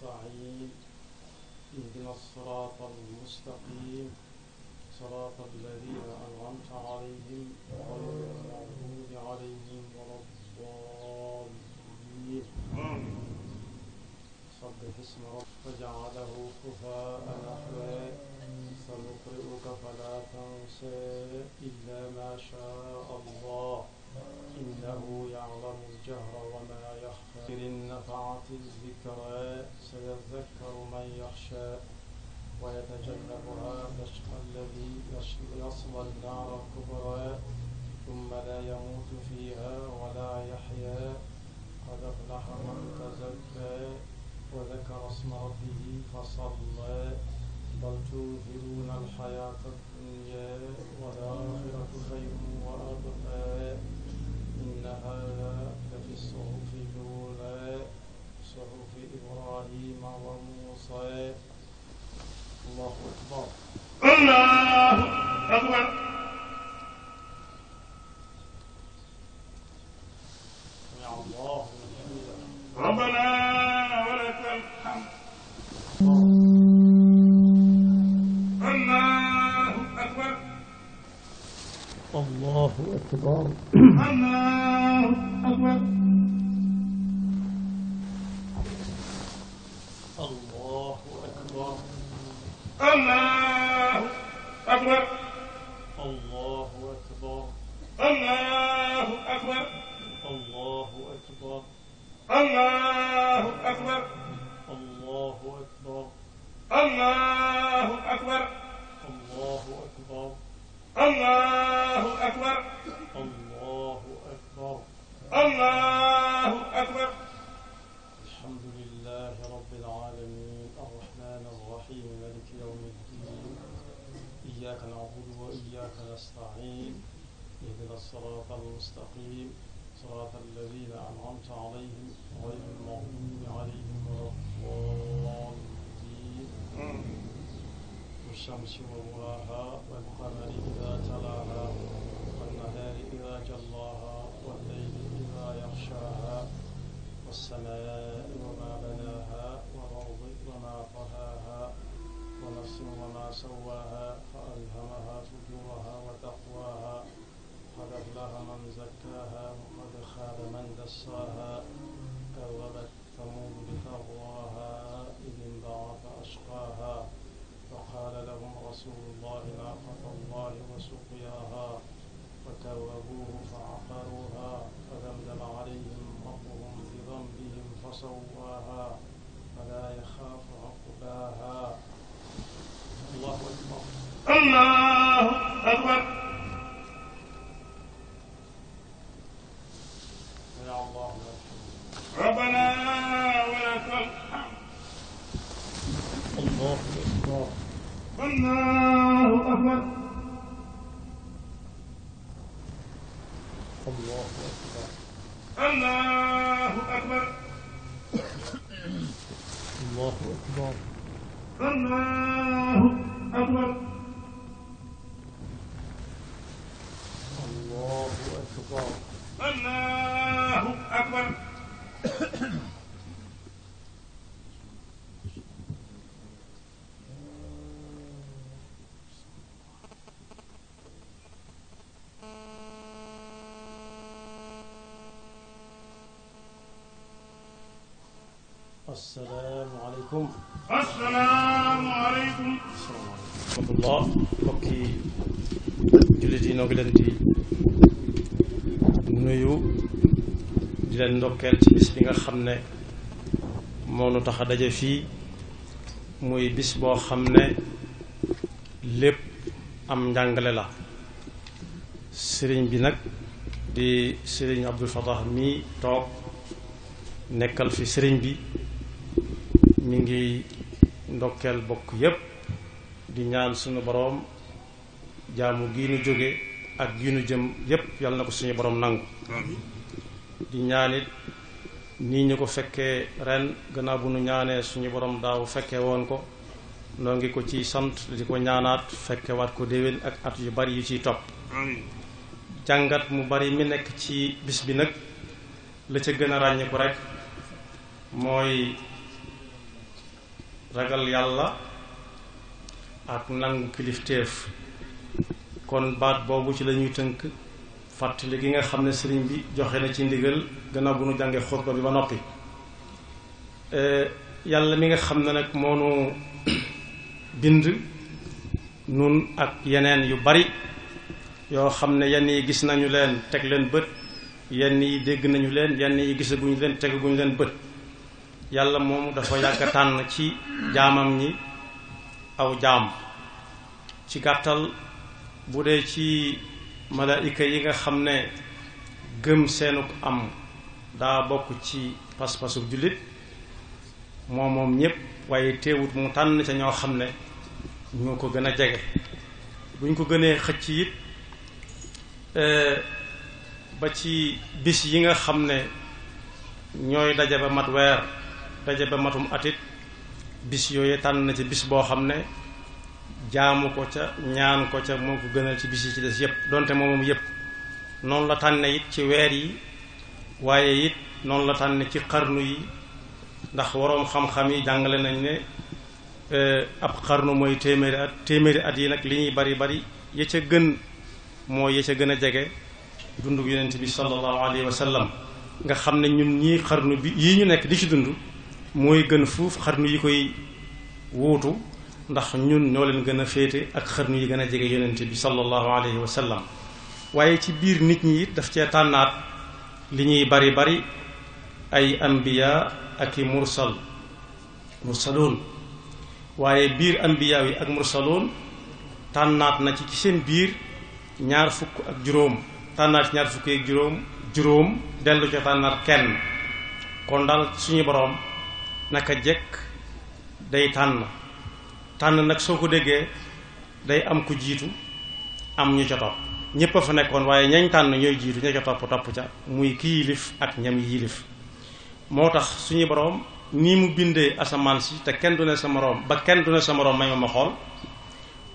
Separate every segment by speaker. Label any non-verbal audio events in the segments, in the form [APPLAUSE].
Speaker 1: نستعين اهدنا الصراط المستقيم صراط الذين أنعمت عليهم غير المغضوب عليهم ولا الضالين سبح اسم ربك فجعله كفاء أحوال سنقرئك فلا تنسى إلا ما شاء الله إنه يعلم الجهر وما يخفى النفعة الذكرى سيذكر من يخشى ويتجنبها الأشقى الذي يصلى النار الكبرى ثم لا يموت فيها ولا يحيا قد أفلح من تزكى وذكر اسم ربه فصلى بل تؤثرون الحياة الدنيا والآخرة خير وأبقى إن هذا لفي الصحف الأولى صحف إبراهيم وموسى الله أكبر الله أكبر سمع الله من حمده ربنا ولك الحمد وافتقار الله أكبر أكبر الله أكبر الله أكبر الحمد لله رب العالمين الرحمن الرحيم مالك يوم الدين إياك نعبد وإياك نستعين اهدنا الصراط المستقيم صراط الذين أنعمت عليهم غير المغضوب عليهم ولا الضالين والشمس وضواها والقمر إذا تلاها إذا جلاها والليل إذا يغشاها والسماء وما بناها والأرض وما طهاها ونفس وما سواها فألهمها فجورها وتقواها قد أفلح من زكاها وقد خاب من دساها كذبت ثمود بتقواها إذ انبعث أشقاها وقال لهم رسول الله ناقة الله وسقياها فتوهوه فعقروها فدمدم عليهم ربهم بذنبهم فسواها ولا يخاف عقباها الله أكبر الله أكبر asalaamaaleykum.
Speaker 2: asalaamaaleykum.
Speaker 1: rahmatullah mbokk yi
Speaker 2: jullit yi noo ngi leen di nuyu di leen ndokkeel ci bis bi nga xam ne moo nu tax a daje fii muy bis boo xam ne lépp am njàngale la sëriñ bi nag di sëriñ Abdul Fatah mii toog nekkal fi sëriñ bi ñu ngi ndokkeel bokk yépp di ñaan sunu boroom jaamu giinu jóge ak giinu nu jëm yépp yàlla na ko suñu boroom nangu di ñaan it nii ñu ko fekkee ren gannaaw bu nu ñaanee suñu borom daaw fekkee woon ko noo ngi ko ciy sant di ko ñaanaat fekkewaat ko déwén ak at yu bari yu ciy topp jàngat mu bari mi nekk ci bis bi nag la ca gën a ràññiku rek mooy ragal yàlla ak nangu kilifteef kon baat boobu ci lañuy tënk fàttali gi nga xam ne sëriñ bi joxe na ci ndigal gannaaw bu nu jàngee xutba bi ba noppi e, yàlla mi nga xam ne nag moo [CLEARS THROAT] bind nun ak yeneen yu bari yoo xam ne yenn yi gis nañu leen teg leen bët yenn yi dégg nañu leen yenn yi gisaguñu leen tegaguñu leen bët yàlla moom dafa yàgg tànn ci jaamam ñi aw jaam ci gàttal bu dee ci malaayika yi nga xam ne gëm seenuk am daa bokk ci pas-pasu jullit moo moom ñépp waaye teewut mu tànn ca ñoo xam ne ñoo ko gën a jege buñ ko gënee xëcc it e, ba ci bis yi nga xam ne ñooy daje ba mat weer daje ba matum atit bis yooyu tànn na ci bis boo xam ne jaamu ko ca ñaan ko ca moo ko gënal ci bis yi ci des yépp donte moom yépp noonu la tànne it ci weer yi waaye it noonu la tànne ci xarnu yi ndax waroom xam-xam yi jàngale nañ ne eh, ab xarnu mooy téeméeri at téeméeri at yi nag li ñuy bari bari ya gën mooy ya ca gën a jege dundug yonent bi sallallahu alayhi wa sallam nga xam ne ñun ñii xarnu bi yii ñu nekk di ci dund mooy gën fuuf xarnu yi koy wuutu ndax ñun ñoo leen gën a féete ak xarnu yi gën a jege yonent bi sallallahu alayhi wa sallam waaye ci biir nit ñi it daf cee tànnaat li ñuy bari bari ay ambiya ak i mursal mursaloon waaye biir ambiya yi ak mursaloon tànnaat na ci ci seen biir ñaar fukk ak juróom tànnaat ci ñaar fukk juróom juróom dellu ca tànnaat kenn kon daal suñu boroom naka jekk day tànn tànn nag soo ko déggee day am ku jiitu am ñu ca topp ñépp a fa nekkoon waaye ñañ tànn ñooy jiitu ña ca topp topp ca muy ki yilif ak ñam yilif moo tax suñu boroom nii mu bindee asamaan si te kenn du ne sa moroom ba kenn du ne sa moroom may ma ma xool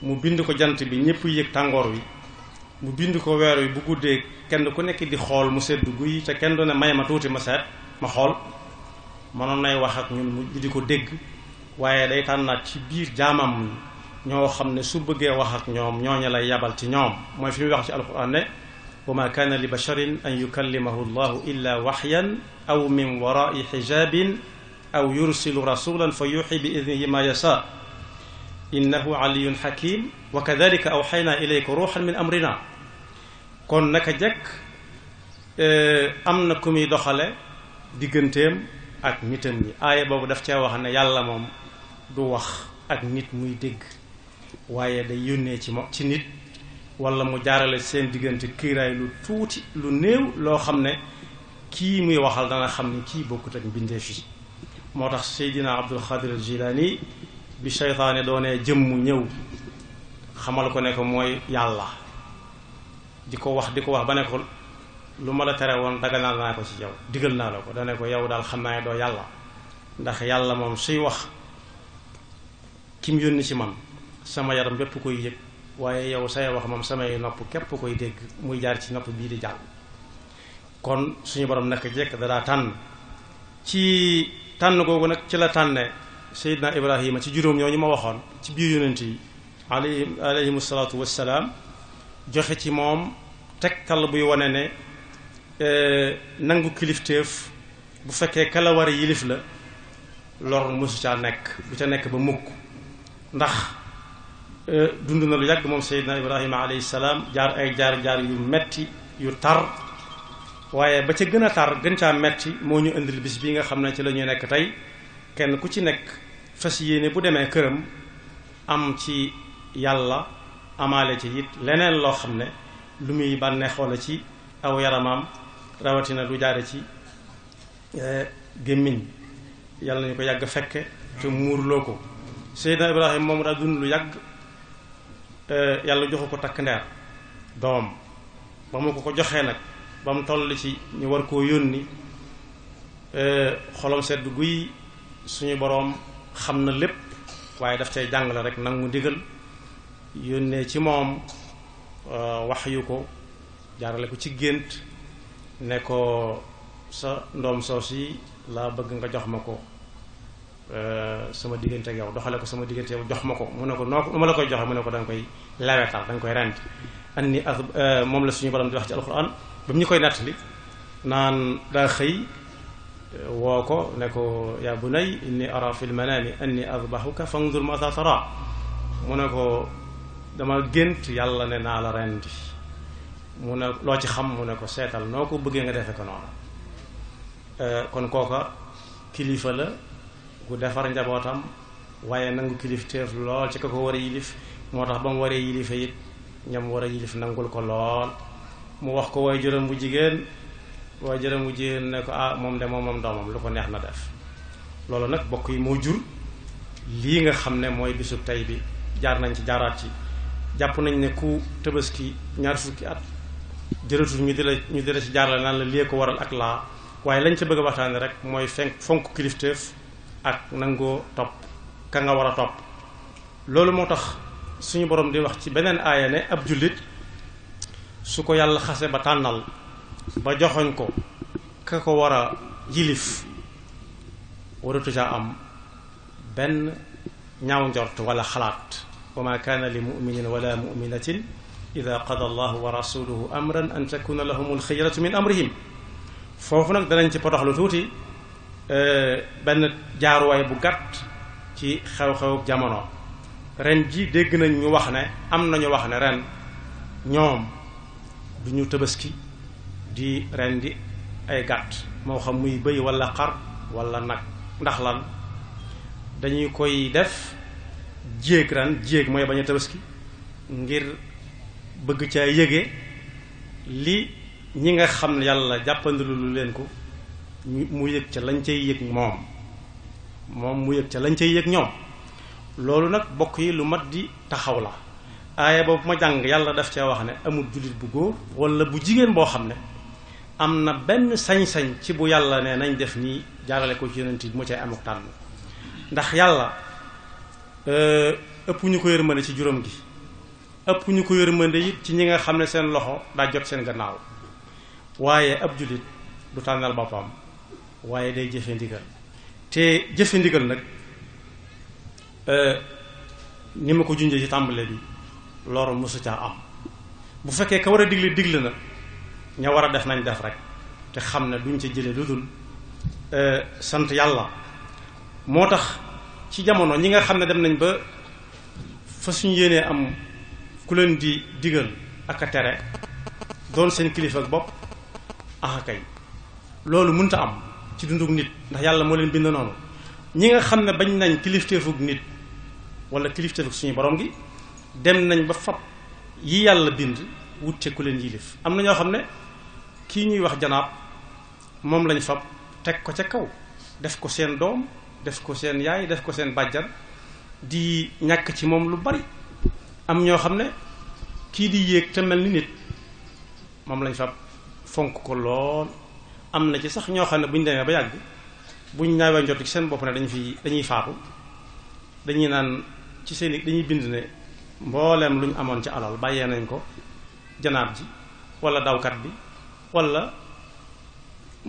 Speaker 2: mu bind ko jant bi ñépp yëg tàngoor wi mu bind ko weer wi bu guddee kenn ku nekk di xool mu sedd guy te kenn du ne may ma tuuti ma seet ma xool mënoon nay wax ak ñun mu di ko dégg waaye day tànnaat ci biir jaamam ñoo xam ne su bëggee waxat ñoom ñooñu lay yabal ci ñoom mooy fi muy wax ci alquran ne wa ma kaana li basharin an yukallimahu illa waxyan aw min warai xijabin aw yursilu rasulan fa yuxi bi idnihi ma yasa innahu aliyun xakim wa kadalika awxayna ilayka ruuxan min amrina kon naka eh, am na ku muy doxale digganteem ak nitam yi aaya boobu daf caa wax ne yàlla moom du wax ak nit muy dégg waaye day yónnee ci mo ci nit wala mu jaarale seen diggante kiiraay lu tuuti lu néew loo xam ne kii muy waxal dana xam ne kii bokkut ak mbindeef yi moo tax Seydina Abdul Xaadir al Jilaani bi seytaane doonee jëmm ñëw xamal ko ne ko mooy yàlla di ko wax di ko wax ba ne ko lu ma la tere woon daganal naa ko ci yow digal naa la ko dane ko yow daal xam naa ne doo yàlla ndax yàlla moom suy wax ki mu yónni ci man sama yaram bépp koy yëg waaye yow say wax moom samay nopp képp koy dégg muy jaar ci nopp bii di jàll kon suñu borom naka jekk da daa tànn ci tànn googu nag ci la tànne Seydina Ibrahima ci juróom ñoo ñu ma waxoon ci biir yonent yi alayhi alayhimu salaatu wassalaam joxe ci moom tegtal buy wane ne nangu kilifteef bu fekkee kala war yilif la lor mosu caa nekk bu ca nekk ba mukk ndax e, dund na lu yàgg moom Seydina Ibrahima alayhi salaam jaar ay jaar-jaar yu metti yu tar waaye ba ca gën a tar gën caa metti moo ñu indil bis bi nga xam ne ci la ñuy nekk tey kenn ku ci nekk fas yéene bu demee këram am ci yàlla amaale ci it leneen loo xam ne lu muy bànneexoo la ci aw yaramam rawatina lu jaare ci eh, gémmiñ yàlla nañu ko yàgg fekk te muurloo ko Seydina Ibrahima moom daa dund lu yàgg yàlla joxu ko takk ndeer doom ba mu ko ko joxee nag ba mu toll ci ñu war koo yónni eh, xolom sedd guy suñu boroom xam na lépp waaye daf cay jàngale rek nangu ndigal yónnee ci moom eh, wax yu ko jaarale ko ci gént ne ko sa ndoom soos yi laa bëgg nga jox ma ko euh, sama diggante ak yow doxale ko sama diggante yow jox ma ko mu ne ko noo nu ma la koy joxe mu ne ko da nga koy lawetal da koy rend an ni as euh, moom la suñu borom di ci alxuraan ba mu ñu koy nettali naan daa xëy euh, woo ko ne ko yaa bunay inni ara fi lmanaami anni adbahuka fanzur ma sa tara mu ne ko dama gént yàlla ne naa la rendi mu ne loo ci xam mu ne ko seetal noo ko bëggee nga defe ko noonu euh, kon kooka kilifa la ku defar njabootam waaye nangu kilifteef lool ci ka ko war a yilif moo tax ba mu waree yilifa it ñam war a yilif nangul ko lool mu wax ko way jërëm bu jigéen way jërëm bu jigéen ne ko ah moom de moom moom doomam lu ko neex na def loolu nag bokk yi moo jur lii nga xam ne mooy bisu tey bi jaar nañ ci jaaraat ci jàpp nañ ne ku tabaski ñaar fukki at jërëtul ñu di la ñu di la ci jaarale naan la lii ko waral ak laa waaye lañ ca bëgg a rek mooy fenk fonk kilifteef ak nangoo topp ka nga war a topp loolu moo tax suñu borom di wax ci beneen aaya ne ab jullit su ko yàlla xase ba tànnal ba joxoñ ko ka ko war a yilif waratu ca am benn ñaaw njort wala xalaat wa ma kaana li muminin wala muminatin ida qada allahu wa rasuluhu amran an takuna lahum alxiyaratu min amrihim foofu nag danañ ci potox lu tuuti eh, benn jaaruwaay bu gàtt ci xew-xew jamono ren ji dégg nañ ñu wax ne am nañu wax ne ren ñoom du ñu tabaski di ren di ay gàtt moo xam muy bëy walla xar walla nag ndax lan dañuy koy def jéeg ren jéeg mooy bañu a tabaski ngir bëgg caa yëge li ñi nga xam ne yàlla jàppandilu lu leen ko mu yëg ca lañ cay yëg moom moom mu yëg ca lañ cay yëg ñoom loolu nag bokk yi lu mat di taxaw la aaya boobu ma jàng yàlla def cee wax ne amul jullit bu góor walla bu jigéen boo xam ne am na benn sañ-sañ ci bu yàlla ne nañ def nii jaarale ko ci yonent bi mu cay amuk tànn ndax yàlla euh, ëpp ñu ko yërmande ci juróom gi ëpp ñu ko yërmande it ci ñi nga xam ne seen loxo daa jot seen gannaaw waaye ab jullit du tànnal boppam waaye day jëfe ndigal te jëfe ndigal nag e, ni ma ko junjee ci tàmbale bi loru mosu caa am bu fekkee ka war a digle digle na ña war a def nañ def rek te xam ne duñ ca jële lu dul e, sant yàlla moo tax ci jamono ñi nga xam ne dem nañ ba fa suñ yéenee am ku leen di digal ak a tere doon seen kilifa ak bopp ah kay loolu mënta am ci dunduk nit ndax yàlla moo leen bind noonu ñi nga xam ne bañ nañ kilifteefug nit wala kilifteefug suñu boroom gi dem nañ ba fab yi yàlla bind wut ku leen yilif am na ñoo xam ne kii ñuy wax janaab moom lañ fab teg ko ca kaw def ko seen doom def ko seen yaay def ko seen bàjjan di ñàkk ci moom lu bari am ñoo xam ne kii di yéeg te mel ni nit moom lañ fab fonk ko lool am na ci sax ñoo xam ne buñ dee demee ba yàgg buñ ñaawee njot ci seen bopp ne dañu fi dañuy faatu dañuy naan ci seen dañuy bind ne mbooleem lu ñu amoon ci alal bàyyee nañ ko janaab ji wala dawkat bi wala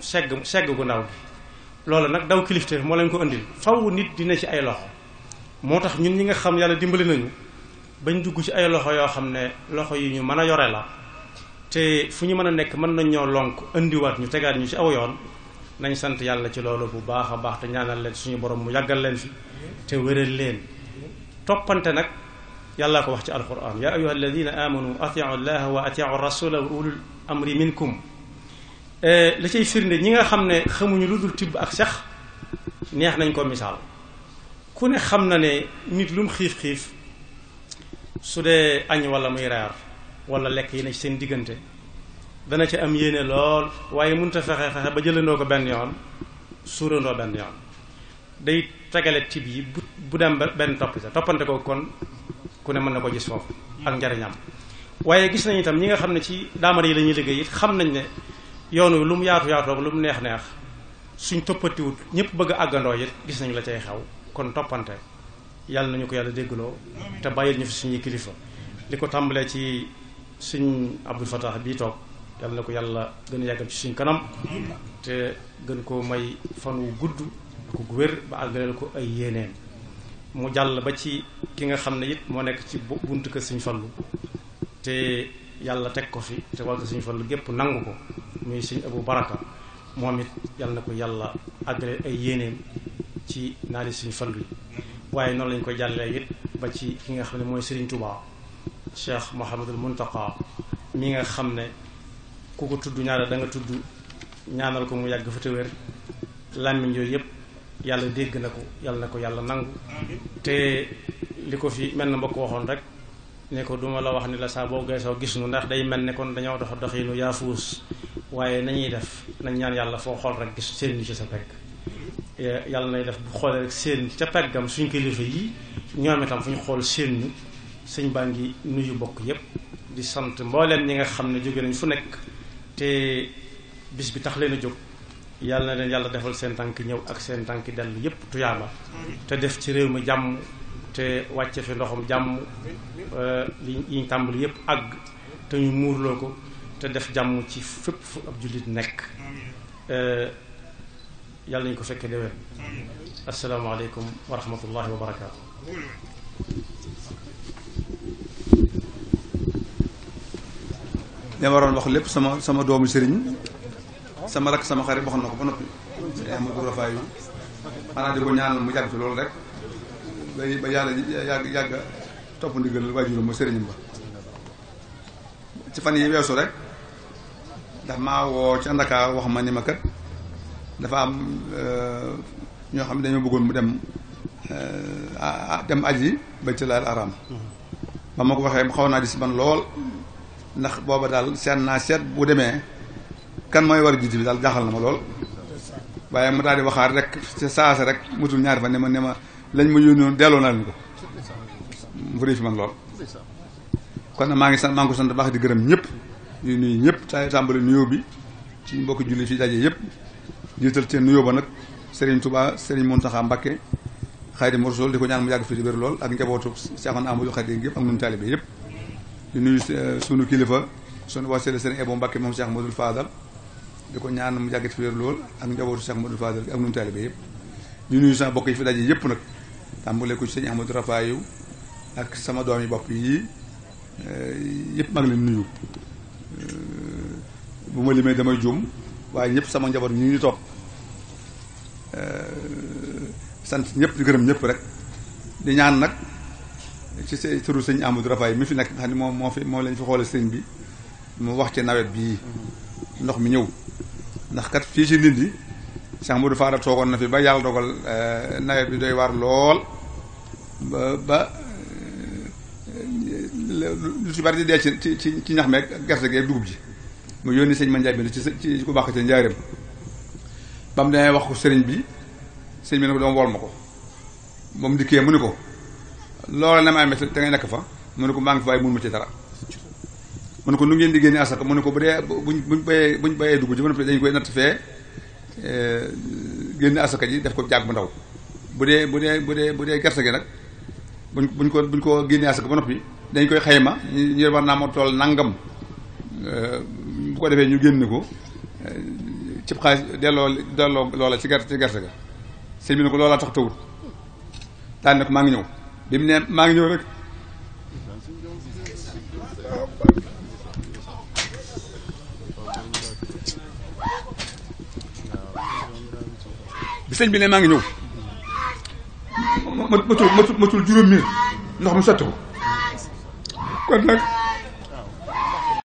Speaker 2: segg segg gu ndaw bi loolu nag daw kilifteef moo leen ko indil faw nit dina ci ay loxo moo tax ñun ñi nga xam yàlla dimbali nañu bañ dugg ci ay loxo yoo xam ne loxo yi ñu mën a yore la te fu ñu mën a nekk mën nañ ñoo lonk indiwaat ñu tegaat ñu ci aw yoon nañ sant yàlla ci loolu bu baax a baax te ñaanal leen suñu borom mu yàggal leen fi te wéral leen toppante nag yàlla ko wax ci alquran ya ayuha alladina amanu atiu llaha wa atiu rasula wa ulul amri minkum e, la cay firnde ñi nga xam ne xamuñu lu dul tibb ak sex neex nañ ko misaal ku ne xam na ne nit lu xiif-xiif su dee añ wala muy reer wala lekk yi ne ci seen diggante dana ci am yéene lool waaye mun a fexe fexe ba jëlandoo ko benn yoon suurandoo benn yoon day tegale tib yi bu bu dem benn topp sa toppante ko kon ku ne mën na ko gis foofu ak njariñam waaye gis nañu itam ñi nga xam ne ci daamar yi lañuy ñuy liggéey it xam nañ ne yoonu lu mu yaatu yaatoo lu mu neex neex suñ toppatiwut ñëpp bëgg àggandoo it gis nañu la cay xew kon toppante yàlla nañu ko yàlla déggloo te bàyyil ñu fi suñuy kilifa li ko tàmbalee ci suñ Abdul Fatah bii toog yàlla na ko yàlla gën a yàggal ci suñ kanam te gën ko may fan wu gudd ko gu wér ba àggaleel ko ay yéeneen mu jàll ba ci ki nga xam ne it moo nekk ci bunt kër suñ fallu te yàlla teg ko fi te wàllu suñ fallu gépp nangu ko muy suñ abu baraka moom it yàlla na ko yàlla àggale ay yéeneen ci naari suñu fallu yi waaye noonu lañ ko jàllee it ba ci ki nga xam ne mooy Serigne Touba Cheikh Mouhamadul Mountakha mi nga xam ne ku ko tudd ñaara da nga tudd ñaanal ko mu yàgg fa te wér làmmiñ yooyu yëpp yàlla dégg na ko yàlla ko yàlla nangu te li ko fi mel na mbokk waxoon rek ne ko duma la wax ni la saa boo geesoo gis nu ndax day mel ne kon dañoo dox doxinu yaafuus waaye nañuy def nañ ñaan yàlla foo xool rek gis seen ñu ci sa fekk Eh, yàlla nay def bu xoolee rek seen ca peggam suñ kilifa yi ñoom itam fu ñu xool seen ñu sëñ baa ngi nuyu bokk yépp di sant mbooleem ñi nga xam ne jóge nañ fu nekk te bis bi tax leen a jóg yàlla na yàlla defal seen tànk ñëw ak seen tànki dellu yépp tuyaaba te def ci réew mi jàmm te wàcce fi ndoxam jàmm li eh, ñu tàmbali yépp àgg te ñu muurloo ko te def jàmm ci fépp fu ab jullit nekk eh, yàlla nañu ko fekkee déwén asalaamaaleykum wa rahmatullahi wa barakaatu. li
Speaker 3: wax lépp sama sama doomu sëriñ sama rakk sama xarit waxoon na ko ba noppi. Amadou Rafaay xanaa di ko ñaanal mu yàgg ci loolu rek ba yàlla yàgg yàgg topp ndigal waajuram ma sëriñam ba ci fan yi weesu rek ndax maa woo ci àndaka wax ma ni ma kat. dafa am euh, ñoo xam ne dañoo bëggoon mu dem euh, dem aji baytul haram mm-hmm. ba ma ko waxee xaw naa si man lool ndax booba daal seet naa seet bu demee kan mooy war jiite bi daal jaaxal na ma lool waaye mu daal di waxaat rek ci saasa rek mutul ñaari fa ne ma ne ma lañ ma yónni woon delloo naa leen ko mu réy fi man lool kon maa ngi sant maa ngi ko sant baax di gërëm ñëpp yu nuyu ñëpp tay tàmbali nuyoo bi ci mbokk julli fi daje yëpp jiital ci nuyoo ba nag Serigne Touba Serigne Mountakha Mbacké Xaadimu Rasuul di ko ñaan mu yàgg fi di wér lool ak njabootu Cheikh Ahmadou Khadim yëpp ak ñun taalibe yëpp di nuyu eh, sunu kilifa sunu wasila Serigne Ebo Mbacké moom Cheikh Modou Fadal di ko ñaan mu yàgg fi lool ak njabootu Cheikh Modou Fadal ak ñun taalibe yëpp di nuyu sama bokk yi fi daje yëpp nag tàmbale ko ci ama Ahmadou Rafaayou ak sama doom yi bopp yii yëpp maa ngi leen nuyu eh, bu ma limee damay juum waaye ñëpp sama njaboot ñu ñu topp euh, sant ñëpp di gërëm ñëpp rek di ñaan nag ci sa turu sëñ Amadou Rafaay mi fi nekk nga xam ne moom moo fi moo lañ fi xoole sëñ bi mu wax ci nawet bii ndox mi ñëw ndax kat fii ci Ndindi Cheikh Modou Faara toogoon na fi ba yàlla dogal euh, nawet bi doy waar lool ba ba euh, lu ci bari di dee ci ci ci ñax meeg gerte gi ak dugub ji mu yónni ma Mandiaye bi ci ci ku baax ci njaareem ba mu demee wax ko sëriñ bi sëñ bi ne ko doom wool ma ko moom mu dikkee mu ne ko loola na ma amee te ngay nekk fa mu ne ko maa ngi fa waaye mënuma ci dara mu ko nu ngeen di génne asaka mu ne ko bu buñ buñ bayee buñ bayee dugub ji ba koy natt fee eh, génne asaka ji def ko jàgg bu ndaw bu dee bu bu dee bu dee gerte gi nag buñ buñ ko buñ ko génne ba noppi dañ koy xayma ñu war naa ma tool nangam eh, ko defee ñu génn ko cib xaalis delloo loola ci gerte ci ga sëñ bi ne ko loolaa maa ngi ñëw bi mu ne maa ngi ñëw rek bi bi ne maa ngi ñëw ma matul matul juróom miir
Speaker 1: ndox mu sotti ko kon nag